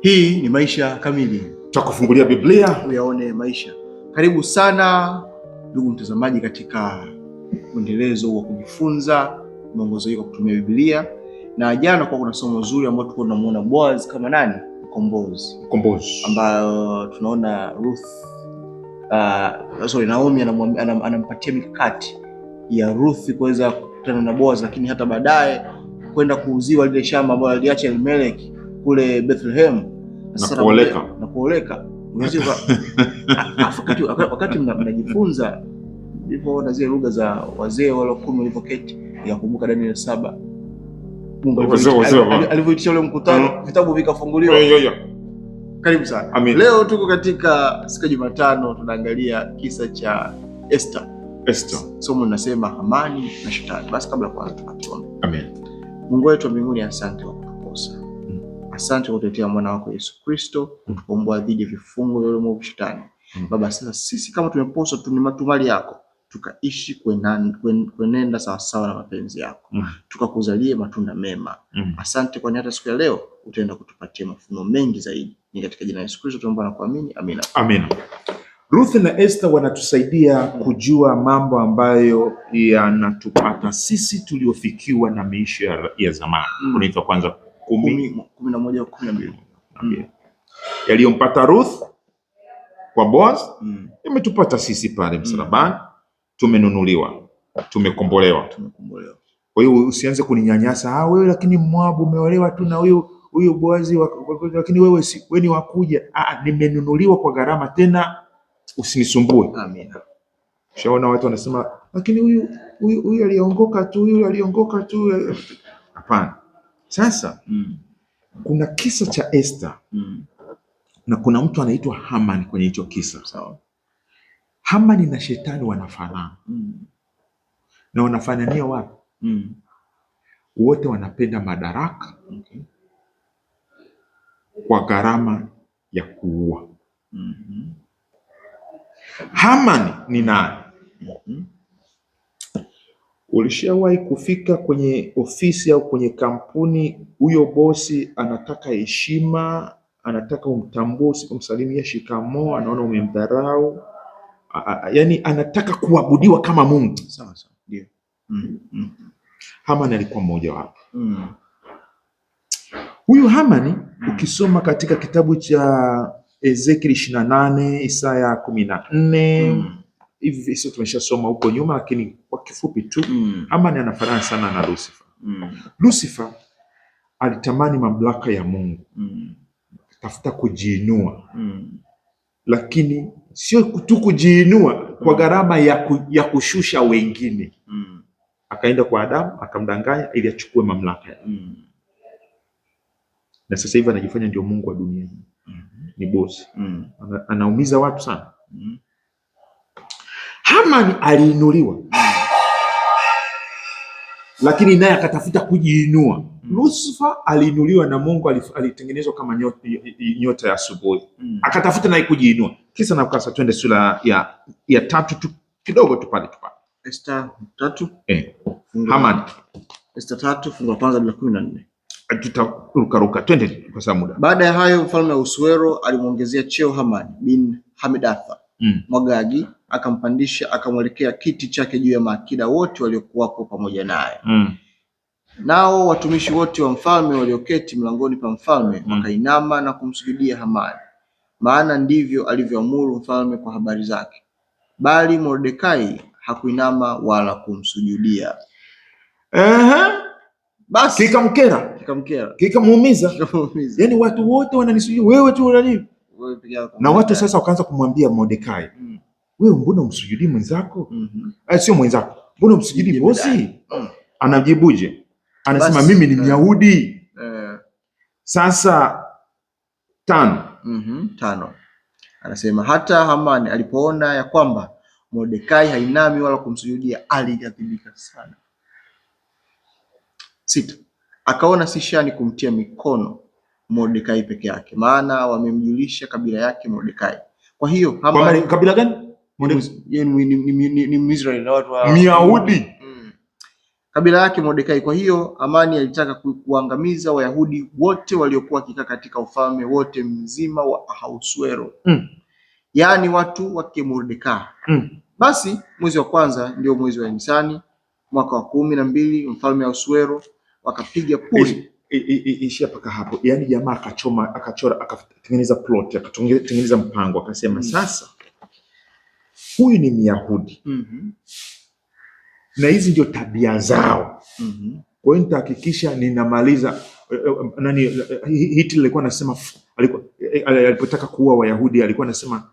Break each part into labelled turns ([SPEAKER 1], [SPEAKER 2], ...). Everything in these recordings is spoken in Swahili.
[SPEAKER 1] Hii ni Maisha Kamili,
[SPEAKER 2] tutakufungulia Biblia
[SPEAKER 1] uyaone maisha. Karibu sana ndugu mtazamaji, katika mwendelezo wa kujifunza mwongozo hii kwa kutumia Biblia, na jana kwa kuna somo zuri ambayo tulikuwa tunamuona Boaz kama nani, mkombozi, mkombozi, ambayo tunaona Ruth uh, sorry, Naomi anampatia mikakati ya Ruth kuweza kukutana na Boaz, lakini hata baadaye kwenda kuuziwa lile shamba ambalo aliacha Elimeleki kule Bethlehem
[SPEAKER 2] na
[SPEAKER 1] kuoleka na ah, ah, wakati mnajifunza na zile lugha za wazee wale kumi walivyoketi, nikakumbuka Danieli saba alivyoitisha ule mkutano, mm. vitabu vikafunguliwa. Karibu sana. Amin. Leo tuko katika siku ya Jumatano, tunaangalia kisa cha Esther. Esther. Somo linasema Hamani na Shetani. Basi kabla ya kuanza, tuombe. Amin. Mungu wetu wa mbinguni, asante kwa Asante kwa kutetea mwana wako Yesu Kristo mm. kutukomboa dhidi ya vifungo vya ulimwengu shetani. Mm. Baba, sasa sisi kama tumeposwa tu ni matumali yako, tukaishi kwenenda, kwenenda sawasawa na mapenzi yako mm. tukakuzalie matunda mema mm. Asante kwani hata siku ya leo utaenda kutupatia mafunuo mengi zaidi. Ni katika jina la Yesu Kristo tunaomba na kuamini,
[SPEAKER 2] amina, amina. Ruth na Esther wanatusaidia kujua mambo ambayo yanatupata sisi tuliofikiwa na maisha ya zamani. mm. Unaitwa kwanza
[SPEAKER 1] kumi na moja kumi na mbili okay.
[SPEAKER 2] yaliyompata Ruth kwa Boaz mm. yametupata sisi pale mm. msalabani mm. tumenunuliwa, tumekombolewa, tumekombolewa. Kwa hiyo usianze kuninyanyasa ah, wewe, lakini mwabu umeolewa tu na huyu huyu Boazi, lakini wewe si wewe ni wakuja. Ah, nimenunuliwa kwa gharama, tena usinisumbue. Amina. Shaona watu wanasema, lakini huyu huyu huyu aliongoka tu, huyu aliongoka tu. Eh, hapana, sasa mm. kuna kisa cha Esther mm. na kuna mtu anaitwa Haman kwenye hicho kisa sawa. Haman na shetani wanafanana mm. na wanafanania wapi? mm. wote wanapenda madaraka okay. kwa gharama ya kuua mm -hmm. Haman ni nani? mm -hmm. Ulishawahi kufika kwenye ofisi au kwenye kampuni, huyo bosi anataka heshima, anataka umtambue, usipomsalimia shikamoo anaona umemdharau, yani anataka kuabudiwa kama Mungu.
[SPEAKER 1] Sawa sawa, ndio. mm
[SPEAKER 2] -hmm. Haman alikuwa mmoja wapo. mm. Huyu haman mm. ukisoma katika kitabu cha Ezekiel ishirini na nane Isaya kumi na nne mm hivi sio tumeshasoma huko nyuma, lakini kwa kifupi tu mm. Hamani anafanana sana na Lucifer mm. Lucifer alitamani mamlaka ya Mungu mm. tafuta kujiinua mm. lakini sio tu kujiinua kwa mm. gharama ya, ku, ya kushusha wengine mm. akaenda kwa Adamu akamdanganya ili achukue mamlaka mm. na sasa hivi anajifanya ndio Mungu wa dunia hii mm -hmm. ni bosi mm. Ana, anaumiza watu sana mm. Haman aliinuliwa lakini naye akatafuta kujiinua. Mm. aliinuliwa na Mungu, alitengenezwa kama nyota, ya asubuhi. Mm. Akatafuta naye kujiinua, kisa na kasa. Twende sura ya, ya tatu tu kidogo tu pale tu pale
[SPEAKER 1] Esta tatu
[SPEAKER 2] eh, Haman
[SPEAKER 1] Esta tatu fungu la kwanza bila kumi na nne
[SPEAKER 2] tutarukaruka, twende kwa sababu muda.
[SPEAKER 1] Baada ya hayo mfalme wa Usuero alimwongezea cheo Hamani bin Hamidatha mm. Magagi akampandisha akamwelekea kiti chake juu ya maakida wote waliokuwapo pamoja naye mm. Nao watumishi wote wa mfalme walioketi mlangoni pa mfalme mm. wakainama na kumsujudia Hamani, maana ndivyo alivyoamuru mfalme kwa habari zake, bali Mordekai hakuinama wala kumsujudia.
[SPEAKER 2] Aha. Basi kikamkera, kikamuumiza, kikamuumiza. Yani watu wote wananisujudia wewe tu unani na watu sasa wakaanza kumwambia Mordekai, mm. wewe mbona umsujudii mwenzako? mm -hmm. Eh, sio mwenzako, mbona umsujudii bosi? mm. Anajibuje? anasema Bas, mimi ni eh. Myahudi. eh. Sasa tano. mm -hmm.
[SPEAKER 1] Tano anasema hata Hamani alipoona ya kwamba Mordekai hainami wala kumsujudia alighadhibika sana. Sita akaona si shani kumtia mikono Mordekai peke yake, maana wamemjulisha kabila yake Mordekai. Kwa hiyo
[SPEAKER 2] kwa kabila gani?
[SPEAKER 1] Ni Mwisraeli na watu wa
[SPEAKER 2] Wayahudi. Mm.
[SPEAKER 1] kabila yake Mordekai. Kwa hiyo Amani alitaka kuangamiza Wayahudi wote waliokuwa wakikaa katika ufalme wote mzima wa Ahasuero, mm. yaani watu wake Mordekai. Mm. Basi mwezi wa kwanza ndio mwezi wa Nisani mwaka wa kumi na mbili mfalme Ahasuero wakapiga puri
[SPEAKER 2] ishia paka hapo. yani jamaa akachoma, akachora, akatengeneza plot, akatengeneza mpango, akasema mm. Sasa huyu ni Myahudi mm -hmm. na hizi ndio tabia zao mm -hmm. kwa hiyo nitahakikisha ninamaliza eh, eh, nani. Eh, Hitler alikuwa anasema, alipotaka kuua Wayahudi alikuwa anasema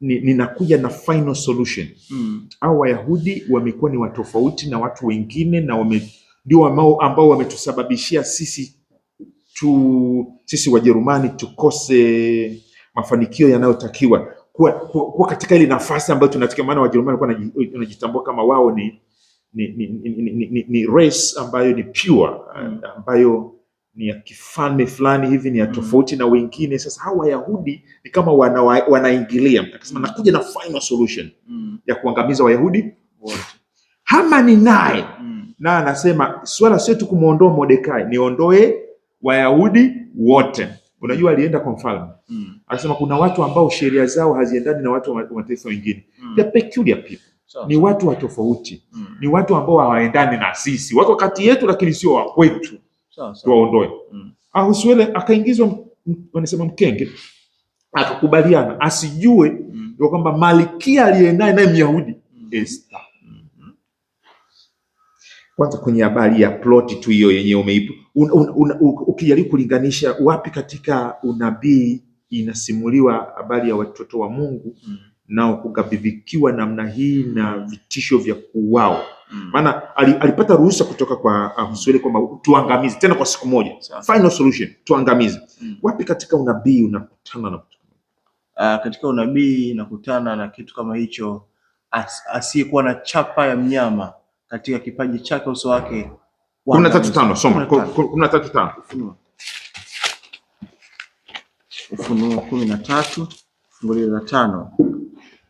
[SPEAKER 2] ninakuja na final solution mm. au Wayahudi wamekuwa ni watofauti na watu wengine na wame ndio ambao wametusababishia sisi tu, sisi Wajerumani tukose mafanikio yanayotakiwa kuwa, kuwa, kuwa katika ile nafasi ambayo tunatakiwa. Maana Wajerumani kwa wanajitambua kama wao ni ni, ni, ni, ni, ni race ambayo ni pure mm. eh, ambayo ni ya kifalme fulani hivi, ni ya mm. tofauti mm. na wengine. Sasa hawa Wayahudi ni kama wana, wanaingilia akasema, mm. nakuja na final solution mm. ya kuangamiza Wayahudi wote. Hamani naye mm na anasema swala sio tu kumwondoa Mordekai, niondoe Wayahudi wote. Unajua alienda kwa mfalme mm. Anasema kuna watu ambao sheria zao haziendani na watu wa mataifa wengine mm. The peculiar people so, ni watu wa tofauti mm. Ni watu ambao hawaendani na sisi, wako kati yetu lakini sio wa kwetu so, so. Tuwaondoe mm. Ahasuero akaingizwa wanasema mkenge, akakubaliana asijue mm. kwamba malikia aliyenaye naye Myahudi mm. Esther kwanza kwenye habari ya plot tu hiyo yenye umeipa. Ukijaribu kulinganisha wapi katika unabii inasimuliwa habari ya watoto wa Mungu mm. nao namna hii na mm. vitisho vya kuuawa mm. maana mm. alipata ruhusa kutoka kwa uh, kwamba tuangamize tena kwa siku moja Sasa. Final solution tuangamize mm. wapi katika unabii unakutana na
[SPEAKER 1] uh, katika unabii nakutana na kitu kama hicho asiyekuwa na chapa ya mnyama katika kipaji chake uso wake.
[SPEAKER 2] kumi na tatu tano soma kumi na tatu tano
[SPEAKER 1] Ufunuo kumi na tatu fungu la tano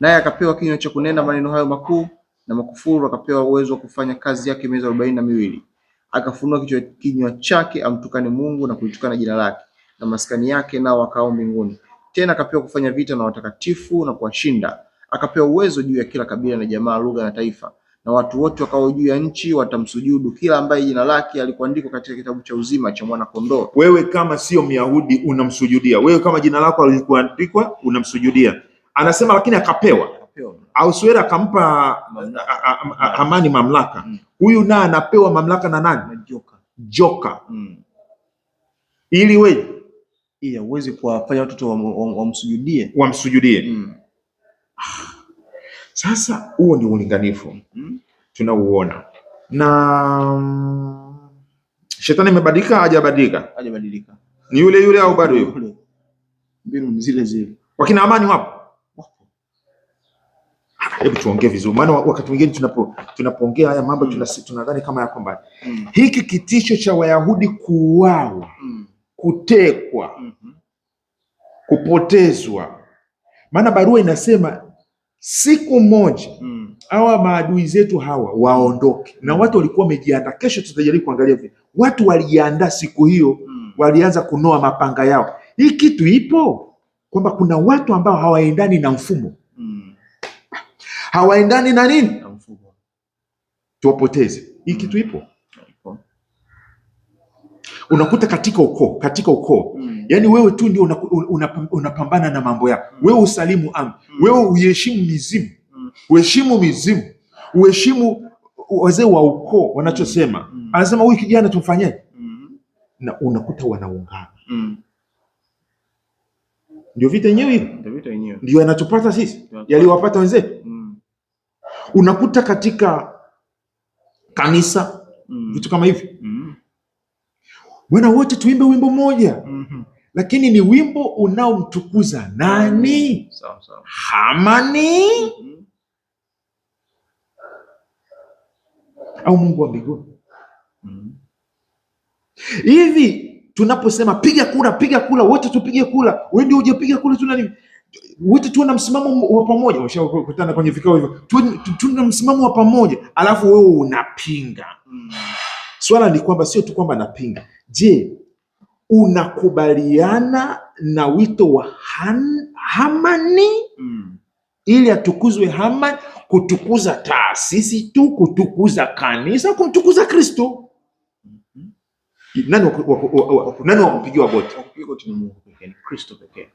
[SPEAKER 1] naye akapewa kinywa cha kunena maneno hayo makuu na makufuru, akapewa uwezo wa kufanya kazi yake miezi arobaini na miwili. Akafunua kinywa chake amtukane Mungu na kulitukana jina lake na maskani yake, nao wakao mbinguni. Tena akapewa kufanya vita na watakatifu na kuwashinda. Akapewa uwezo juu ya kila kabila na jamaa, lugha na taifa na watu wote wakao juu ya nchi watamsujudu kila ambaye jina lake alikuandikwa katika kitabu cha uzima cha mwana kondoo.
[SPEAKER 2] Wewe kama sio Myahudi unamsujudia, wewe kama jina lako alikuandikwa unamsujudia. Anasema lakini akapewa Ahasuero akampa Hamani mamlaka. Mm. Huyu naye anapewa mamlaka na nani? Joka, joka. Mm. ili weje uweze kuwafanya watoto wamsujudie, wamsujudie. Mm. Ah. Sasa huo ni ulinganifu hmm? tunauona na mm, shetani imebadilika, hajabadilika,
[SPEAKER 1] hajabadilika,
[SPEAKER 2] ni yule yule au bado yule?
[SPEAKER 1] Mbinu zile zile.
[SPEAKER 2] Wakina amani wapo, hebu tuongee vizuri, maana wakati mwingine tunapo tunapoongea haya mambo mm, tunadhani kama ya kwamba mm, hiki kitisho cha Wayahudi kuuawa mm, kutekwa mm -hmm, kupotezwa, maana barua inasema siku moja mm. hawa hmm. maadui zetu hawa waondoke hmm. na watu walikuwa wamejiandaa. Kesho tutajaribu kuangalia vile watu waliandaa siku hiyo hmm. walianza kunoa mapanga yao. Hii kitu ipo kwamba kuna watu ambao hawaendani na mfumo hmm. hawaendani na nini, na mfumo tuwapoteze. Hii hmm. kitu mm. ipo unakuta katika ukoo katika ukoo mm. Yani wewe tu ndio unapambana una, una, na mambo yako mm. Wewe usalimu am mm. Wewe uheshimu mizimu mm. Uheshimu mizimu uheshimu wazee wa ukoo wanachosema mm. Anasema huyu kijana tumfanyaje? mm. Na unakuta wanaungana mm. Ndio vita yenyewe hiyo, ndio yanatupata sisi, yaliwapata wenzetu mm. Unakuta katika kanisa mm. vitu kama hivi mm. Bwana, wote tuimbe wimbo mmoja mm -hmm. Lakini ni wimbo unaomtukuza nani? Sawa sawa. Hamani mm -hmm. au Mungu wa mbinguni mm hivi -hmm. Tunaposema piga kura, piga kura, wote tupige kura, wewe ndio hujapiga kura, tuna nini? Wote tuwe na msimamo wa pamoja, washakutana kwenye vikao hivyo, tuna msimamo wa pamoja, alafu wewe unapinga. Mhm. Swala ni kwamba sio tu kwamba napinga Je, unakubaliana na wito wa Han, Hamani mm. ili atukuzwe Hamani, kutukuza taasisi tu, kutukuza kanisa, kumtukuza Kristo mm-hmm. nani wa kupigiwa goti? Kristo pekee.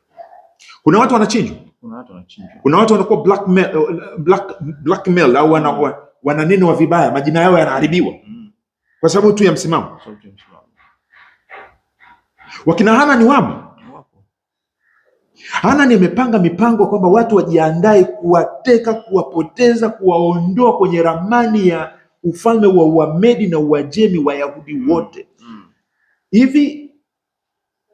[SPEAKER 2] Kuna watu wanachinjwa, kuna watu wanakuwa blackmail, uh, black, au mm. wananenwa vibaya, majina yao yanaharibiwa mm. kwa sababu tu ya msimamo Wakina ni wamo. Hanani amepanga mipango kwamba watu wajiandae kuwateka, kuwapoteza, kuwaondoa kwenye ramani ya ufalme wa Uamedi na Uajemi, Wayahudi mm. wote mm. hivi.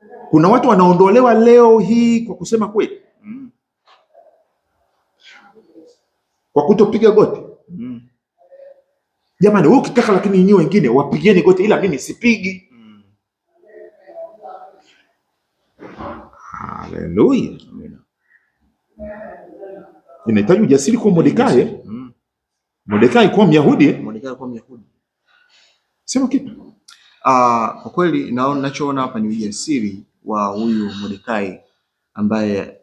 [SPEAKER 2] Mm. Kuna watu wanaondolewa leo hii kwa kusema kweli, mm. kwa kutopiga goti mm. Jamani, wewe ukitaka, lakini nyinyi wengine wapigeni goti, ila mimi sipigi. Haleluya. Inahitaji ujasiri kwa Mordekai. Eh? Mm. Mordekai kwa Myahudi. Eh? Mordekai kwa Myahudi. Sema kitu.
[SPEAKER 1] Ah, kwa kweli naona nachoona hapa ni ujasiri wa huyu Mordekai ambaye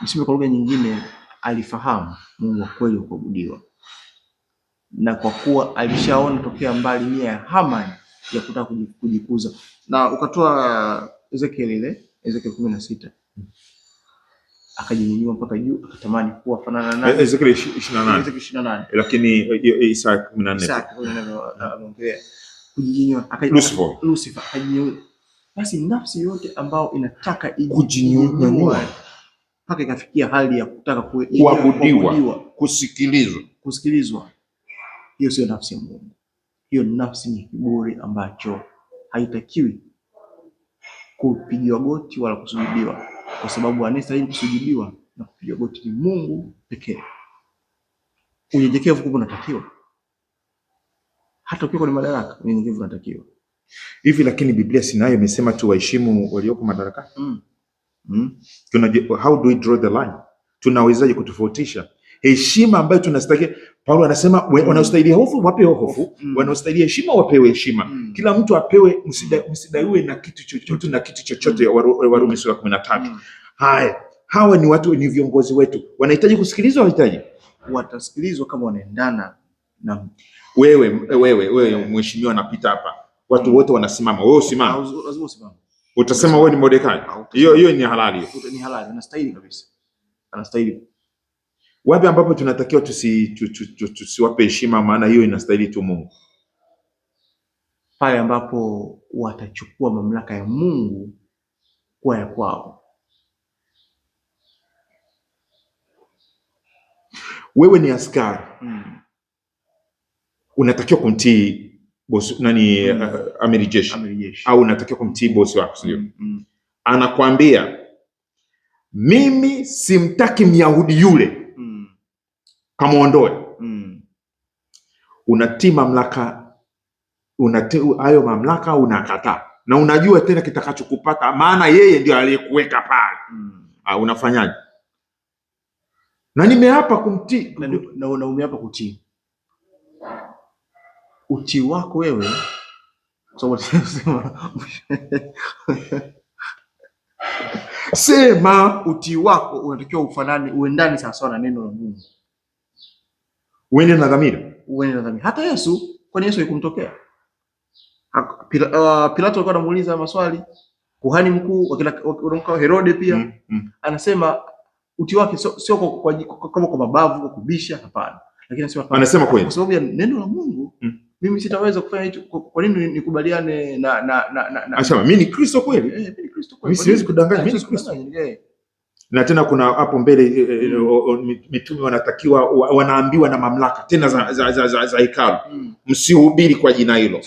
[SPEAKER 1] niseme kwa lugha nyingine alifahamu Mungu wa kweli ukaabudiwa. Na kwa kuwa alishaona tokea mbali nia ya Haman ya kutaka kujikuza na ukatoa Ezekiel ile Ezekiel kumi na sita akajinyanyua mpaka juu akatamani kuwa fanana
[SPEAKER 2] naye. E-, Ezekiel ishirini na nane eh, lakini eh, eh, Isaya kumi
[SPEAKER 1] na nne anaongelea kujinyanyua, Lucifer akajinyanyua. Basi nafsi yote ambayo inataka kujinyanyua mpaka ikafikia hali ya kutaka
[SPEAKER 2] kuabudiwa, kusikilizwa,
[SPEAKER 1] kusikilizwa, hiyo sio nafsi ya Mungu. Hiyo nafsi ni kiburi ambacho haitakiwi kupigiwa goti wala kusujudiwa, kwa sababu anayestahili kusujudiwa na kupigiwa goti ni Mungu pekee. Unyenyekevu kubwa unatakiwa, hata ukiwa kwenye madaraka, unyenyekevu unatakiwa
[SPEAKER 2] hivi. Lakini Biblia si nayo imesema waheshimu walioko madarakani? mm. mm. How do we draw the line? Tunawezaje kutofautisha heshima ambayo tunastahili. Paulo anasema mm. wanaostahili hofu wapewe hofu mm. wanaostahili heshima wapewe heshima mm. kila mtu apewe, mm. msidaiwe na kitu chochote na kitu chochote mm. Warumi sura kumi na tatu mm. Haya, hawa ni watu, ni viongozi wetu, wanahitaji kusikilizwa, wanahitaji
[SPEAKER 1] watasikilizwa kama wanaendana na
[SPEAKER 2] wewe. Wewe wewe yeah. mheshimiwa, anapita hapa, watu mm. wote mm. wanasimama, wewe usimame, lazima usimame. Utasema wewe ni Mordekai, hiyo hiyo ni halali,
[SPEAKER 1] hiyo ni halali, anastahili kabisa, anastahili
[SPEAKER 2] wapi ambapo tunatakiwa tusiwape tusi, heshima, maana hiyo inastahili tu Mungu?
[SPEAKER 1] Pale ambapo watachukua mamlaka ya Mungu kuwa ya kwao.
[SPEAKER 2] Wewe ni askari mm. unatakiwa kumtii bosi nani? mm. uh, amiri jeshi au unatakiwa kumtii bosi wako, sio? Hmm, mm. anakwambia mimi simtaki Myahudi yule kamwondoe mm. unatii mamlaka unati, hayo mamlaka unakataa, na unajua tena kitakachokupata, maana yeye ndio aliyekuweka pale mm. Ah, unafanyaje? na nimeapa kumtii na, na, na umeapa kutii utii wako wewe sema utii wako unatakiwa ufanane uendane sawasawa na neno la Mungu uende na dhamira,
[SPEAKER 1] uende na dhamira. Hata Yesu, kwani Yesu ikumtokea uh, Pilato alikuwa anamuuliza maswali, kuhani mkuu wa Herode pia mm, mm. anasema uti wake sio so, kama kwa mabavu kwa kubisha, hapana,
[SPEAKER 2] lakini anasema anasema kweli, kwa
[SPEAKER 1] sababu ya neno la Mungu mm. mimi sitaweza kufanya hicho. Kwa nini nikubaliane na na na, na, na.
[SPEAKER 2] Anasema mimi ni Kristo kweli, eh, mimi ni Kristo kweli, mimi siwezi kudanganya, mimi ni Kristo na tena kuna hapo mbele eh, eh, eh, mm. mitume wanatakiwa wanaambiwa na mamlaka tena za, za, za, za, za hekalu mm. msihubiri kwa jina hilo,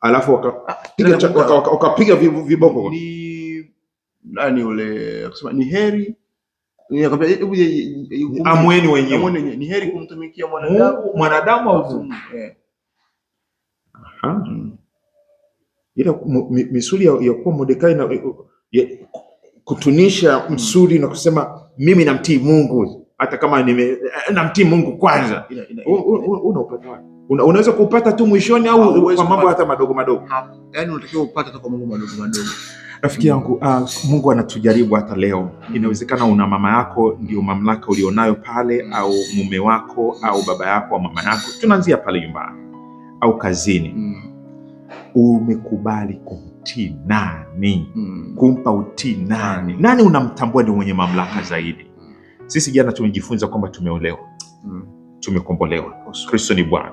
[SPEAKER 2] alafu ah, ah, wakapiga viboko ni
[SPEAKER 1] nani ule kusema ni heri
[SPEAKER 2] amweni wenyewe,
[SPEAKER 1] ni heri kumtumikia mwanadamu mwanadamu au
[SPEAKER 2] ila misuli ya kuwa Mordekai kutunisha msuri na kusema mimi namtii Mungu hata kama nime, eh, namtii Mungu kwanza, Unaupata wapi? Unaweza kuupata tu mwishoni au kwa mambo hata madogo madogo,
[SPEAKER 1] yaani unatakiwa upate kwa mambo madogo madogo.
[SPEAKER 2] Rafiki yangu, uh, Mungu anatujaribu hata leo. Inawezekana una mama yako ndio mamlaka ulionayo pale, au mume wako au baba yako au mama yako, tunaanzia pale nyumbani au kazini. Mm. Umekubali utii nani? mm. kumpa utii nani? Nani unamtambua ni mwenye mamlaka mm. zaidi? Sisi jana tumejifunza kwamba tumeolewa, mm. tumekombolewa. Kristo ni Bwana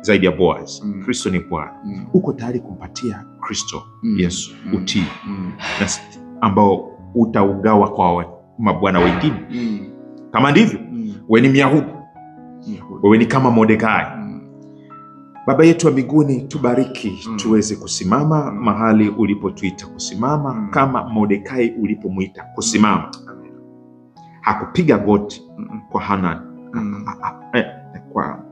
[SPEAKER 2] zaidi ya Boaz. Mm. Kristo mm. ni Bwana mm. uko tayari kumpatia Kristo mm. Yesu mm. utii mm. ambao utaugawa kwa mabwana wengine mm. kama ndivyo mm. we ni Myahudi, wewe ni kama Mordekai Baba yetu wa mbinguni, tubariki mm. tuweze kusimama mm. mahali ulipotuita kusimama mm. kama Mordekai ulipomwita kusimama mm. hakupiga goti mm, mm. kwa Hana mm. eh, kwa,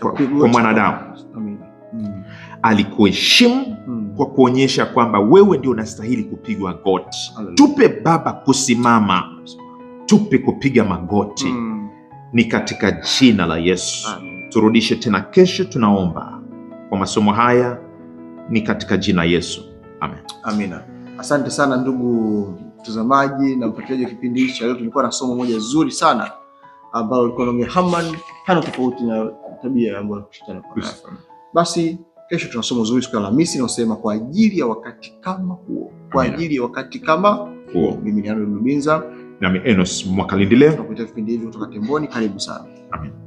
[SPEAKER 2] kwa, kwa mwanadamu mm. alikuheshimu mm. kwa kuonyesha kwamba wewe ndio unastahili kupigwa goti. Tupe Baba kusimama, tupe kupiga magoti mm. ni katika jina la Yesu. Amen. Turudishe tena kesho, tunaomba kwa masomo haya ni katika jina Yesu. Amen.
[SPEAKER 1] Amina. Asante sana ndugu mtazamaji na mfuatiliaji wa kipindi hichi. cha leo. Tulikuwa na somo moja zuri sana ambalo lilikuwa na Haman hana tofauti na tabia ya ambayo basi kesho tuna somo zuri siku ya Alhamisi naosema kwa ajili ya wakati kama huo, kwa ajili ya wakati kama huo. Mimi ni Andrew Lubinza
[SPEAKER 2] nami Enos Mwakalindile, tunakuletea vipindi hivi kutoka Temboni. Karibu sana. Amina.